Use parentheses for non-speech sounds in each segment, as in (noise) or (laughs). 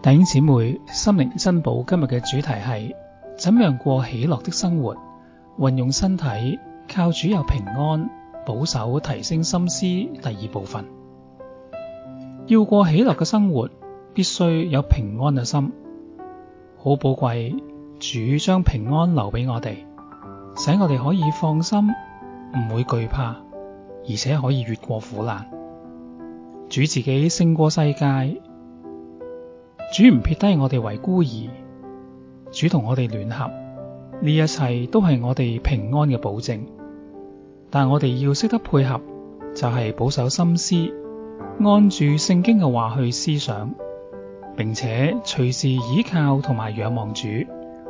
弟兄姊妹，心靈珍寶今日嘅主題係：怎樣過喜樂的生活？運用身體，靠主有平安，保守提升心思。第二部分，要過喜樂嘅生活，必須有平安嘅心，好寶貴。主將平安留俾我哋，使我哋可以放心，唔會懼怕，而且可以越過苦難。主自己勝過世界。主唔撇低我哋為孤兒，主同我哋聯合，呢一切都係我哋平安嘅保證。但我哋要識得配合，就係保守心思，按住聖經嘅話去思想，並且隨時倚靠同埋仰望主，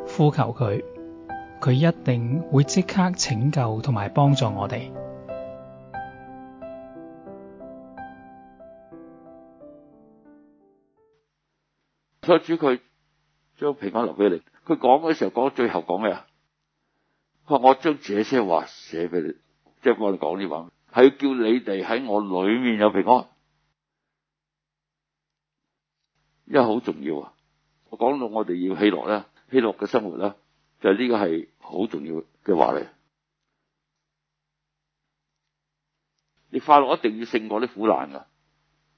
呼求佢，佢一定會即刻拯救同埋幫助我哋。主佢將平安留俾你，佢講嘅時候講到最後講咩啊？佢話我將這些話寫俾你，即係我哋講呢話，係叫你哋喺我裏面有平安，因為好重要啊！我講到我哋要喜樂咧，喜樂嘅生活咧，就係呢個係好重要嘅話嚟。你快樂一定要勝過啲苦難噶，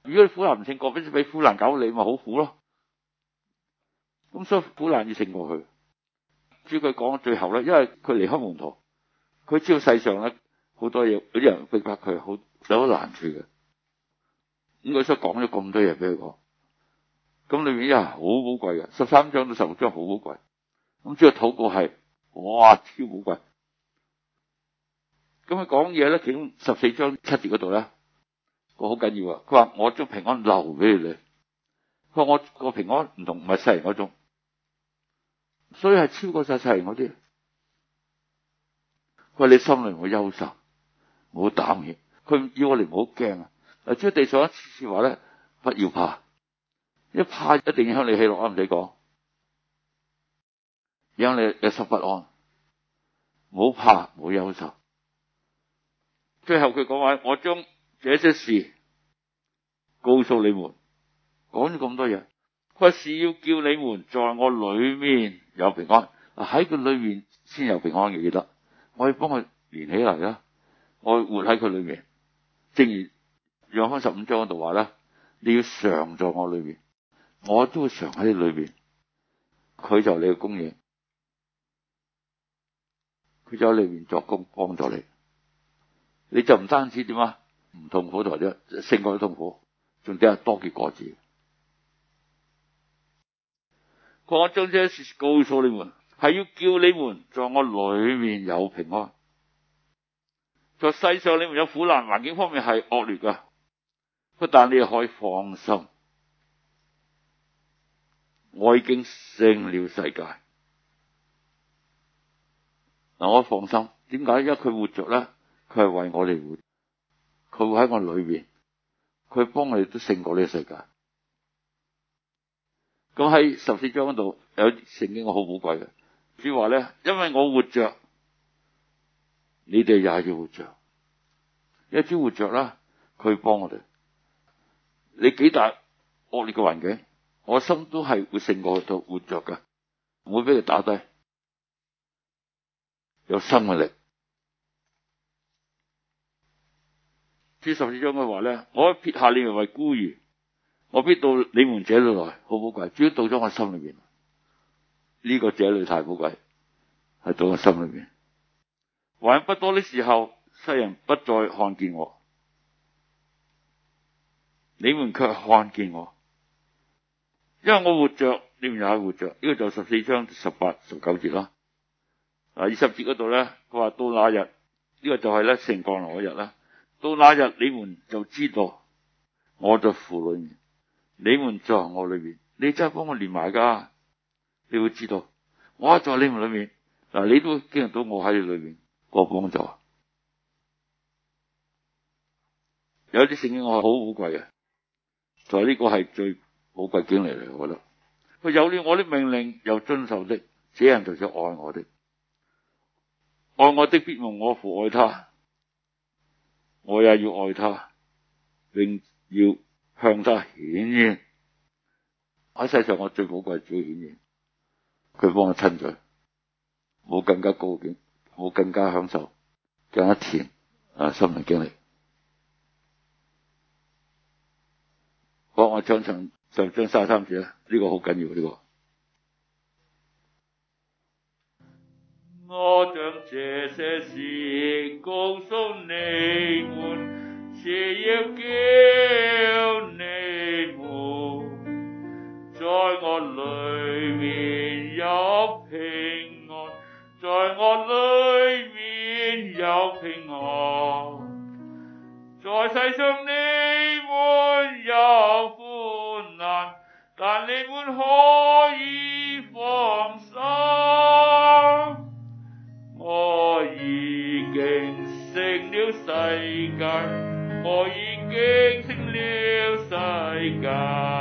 如果你苦難唔勝過，俾苦難搞你咪好苦咯。咁所以好難以勝過佢。主要佢講到最後咧，因為佢離開門徒，佢知道世上咧好多嘢，有啲人逼迫佢，好有好難處嘅。咁佢所以講咗咁多嘢俾佢講，咁裡面啊好好貴嘅，十三章到十六章好好貴。咁主要禱告係，哇超好貴。咁佢講嘢咧，其中十四章廿七節嗰度咧，個好緊要啊。佢話我將平安留俾你，佢話我個平安唔同，唔係世人嗰種。所以係超過晒世人嗰啲，佢話你心裡冇憂愁，冇膽怯，佢要我哋唔好驚啊！喺、就是、地上一次次話咧，不要怕，一怕一定向你氣落，唔使講，因你心裡不安，唔好怕，唔好憂愁。最後佢講話：我將這些事告訴你們，講咗咁多嘢，佢是要叫你們在我裏面。有平安喺佢裏面先有平安嘅。記得，我要幫佢連起嚟啦。我活喺佢裏面，正如約翰十五章度話啦，你要常在我裏面，我都常喺裏面。你」佢就你嘅供應，佢就喺裏面作工幫助你，你就唔單止點啊，唔痛苦，同啲性愛都痛苦，仲得多幾個字。我將這些事告訴你們，係要叫你們在我裡面有平安。在世上，你們有苦難，環境方面係惡劣噶，但你可以放心，我已經勝了世界。嗱，我放心，點解？因為佢活着咧，佢係為我哋活，佢會喺我裡面，佢幫我哋都勝過呢個世界。咁喺十四章嗰度有聖經好寶貴嘅，主話咧，因為我活着，你哋也要活着，一為活着啦，佢幫我哋。你幾大惡劣嘅環境，我心都係會勝過到活着噶，唔會俾佢打低，有生命力。主十四章嘅話咧，我撇下你哋為孤兒。我必到你們這裏來，好寶貴。主要到咗我心裡邊，呢、這個這裏太寶貴，係到我心裡邊。還不多的時候，世人不再看見我，你們卻看見我，因為我活着，你們也活着。呢、這個就十四章十八、十九節啦。嗱，二十節嗰度咧，佢話，到那日，呢、這個就係咧聖降落嗰日啦。到那日，你們就知道我在父裏你們在我裏面，你真係幫我連埋噶，你會知道我一在你們裏面嗱，你都經歷到我喺你裏面個幫助。有啲聖經我係好寶貴嘅，就呢個係最寶貴經歷嚟，我覺得佢有了我的命令又遵守的，這人就是愛我的，愛我的必蒙我父愛他，我也要愛他，並要。向他顯現。喺世上，我最寶貴主要顯現，佢幫我親咗，我更加高境，我更加享受，更加甜啊心靈經歷。我我唱層就唱，唱三三節呢、這個好緊要呢、這個。我將這些事告訴。共但你們可以放心，我已經勝了世界，我已經勝了世界。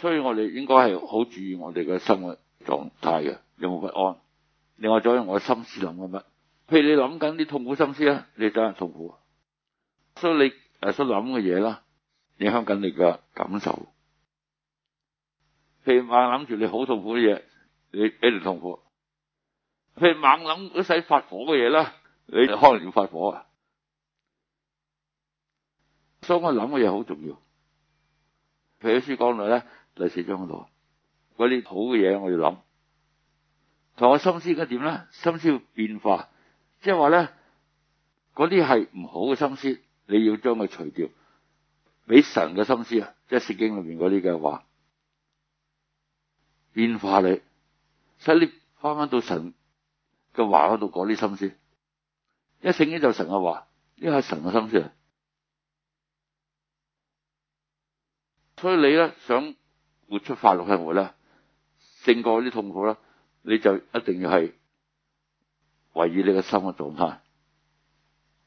所以我哋應該係好注意我哋嘅生活狀態嘅，有冇不安？另外，仲有我心思諗嘅乜？譬如你諗緊啲痛苦心思啊，你真係痛苦。所以你誒所諗嘅嘢啦，影響緊你嘅感受。譬如猛諗住你好痛苦嘅嘢，你俾條痛苦。譬如猛諗一世發火嘅嘢啦，你可能要發火啊。所以我諗嘅嘢好重要。譬如書講到咧。第四章嗰度，嗰啲好嘅嘢我要諗，同我心思而家點咧？心思要變化，即係話咧，嗰啲係唔好嘅心思，你要將佢除掉，俾神嘅心思啊！即係聖經裏面嗰啲嘅話，變化你，使你翻翻到神嘅話度嗰啲心思，一聖經就神嘅話，呢個係神嘅心思啊！所以你咧想。活出快樂生活啦，勝過啲痛苦啦，你就一定要係維持你嘅生活狀態，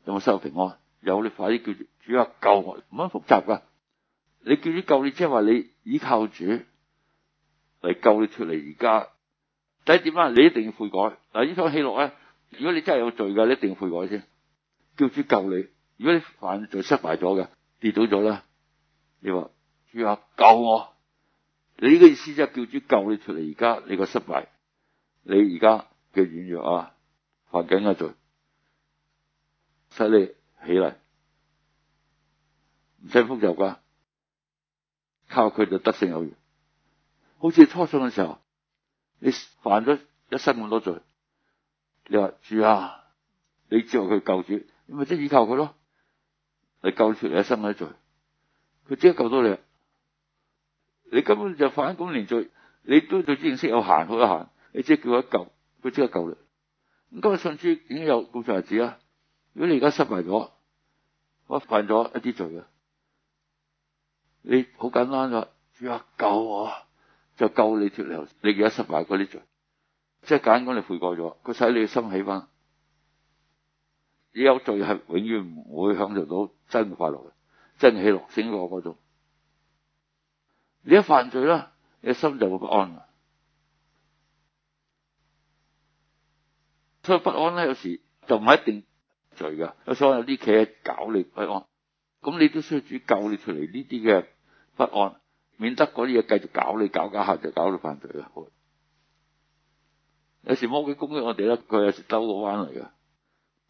有冇收入平安？有，你快啲叫主啊救我，唔好複雜噶。你叫主救你，即係話你依靠主嚟救你出嚟。而家，第一點啊，你一定要悔改嗱，呢套喜樂咧，如果你真係有罪嘅，你一定要悔改先叫主救你。如果你犯罪失敗咗嘅，跌倒咗啦，你話主啊救我。你呢個意思即係叫主救你出嚟，而家你個失敗，你而家嘅軟弱啊，犯緊嘅罪，使你起嚟，唔使復又噶，靠佢就得勝有餘。好似初信嘅時候，你犯咗一身咁多罪，你話主啊，你借佢救主，你咪即係依靠佢咯，你救你脫離一身嘅罪，佢即刻救到你。你根本就犯咁多罪，你都對認識有限好有限，你只係叫佢救，佢即刻救你。咁今日信主已經有咁長日子啦。如果你而家失敗咗，我犯咗一啲罪咧，你好簡單咗，只係、啊、救我，就救你脱離。你而家失敗嗰啲罪，即係簡單講，你悔過咗，佢使你嘅心起返。你有罪係永遠唔會享受到真嘅快樂嘅，真喜樂、醒樂嗰種。你一犯罪啦，你心就會不安啊。所以不安咧，有時就唔係一定罪噶。所以有啲嘢搞你不安，咁你都需要主救你出嚟呢啲嘅不安，免得嗰啲嘢繼續搞你搞，搞搞下就搞到犯罪啦。有時魔鬼攻擊我哋咧，佢有時兜個彎嚟噶，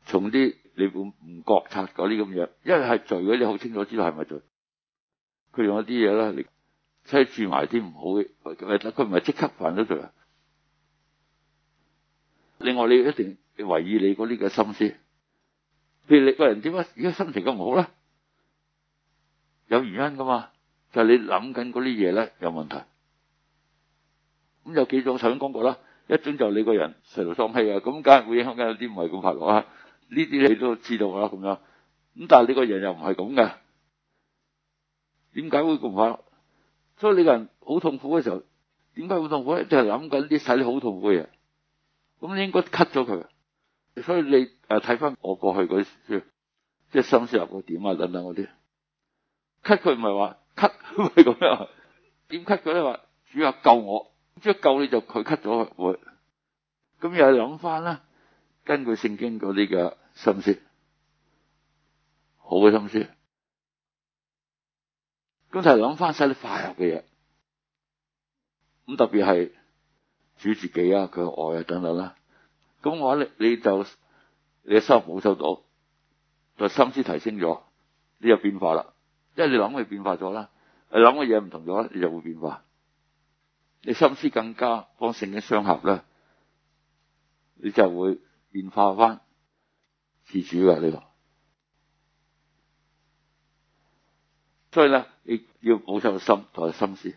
從啲你唔唔覺察嗰啲咁樣，因為係罪，你好清楚知道係咪罪，佢用一啲嘢咧嚟。所以住埋啲唔好嘅，或者佢唔係即刻犯咗罪。另外，你一定懷疑你嗰啲嘅心思，譬如你個人點解而家心情咁唔好咧？有原因噶嘛？就係你諗緊嗰啲嘢咧有問題。咁有幾種想講過啦，一種就你個人垂頭喪氣啊，咁梗係會影響緊有啲唔係咁快樂啊。呢啲你都知道啦，咁樣咁，但係你個人又唔係咁嘅，點解會咁快樂？所以你個人好痛苦嘅時候，點解會痛苦咧？就係諗緊啲使你好痛苦嘅嘢，咁應該 cut 咗佢。所以你誒睇翻我過去嗰啲，即係心思入個點啊等等嗰啲，cut 佢唔係話 cut，唔係咁樣，點 cut 佢咧？話 (laughs) 主啊救我，即係救你就佢 cut 咗佢。咁又諗翻啦，根據聖經嗰啲嘅心思，好嘅心思。咁就諗翻晒啲快樂嘅嘢，咁特別係主自己啊，佢嘅愛啊等等啦。咁我話你你就你嘅收冇收到，就心思提升咗，你又變化啦。即係你諗嘅嘢變化咗啦，你諗嘅嘢唔同咗，你就會變化。你心思更加幫聖經相合咧，你就會變化翻自主嘅呢度。所以咧，你要保持個心同埋心思。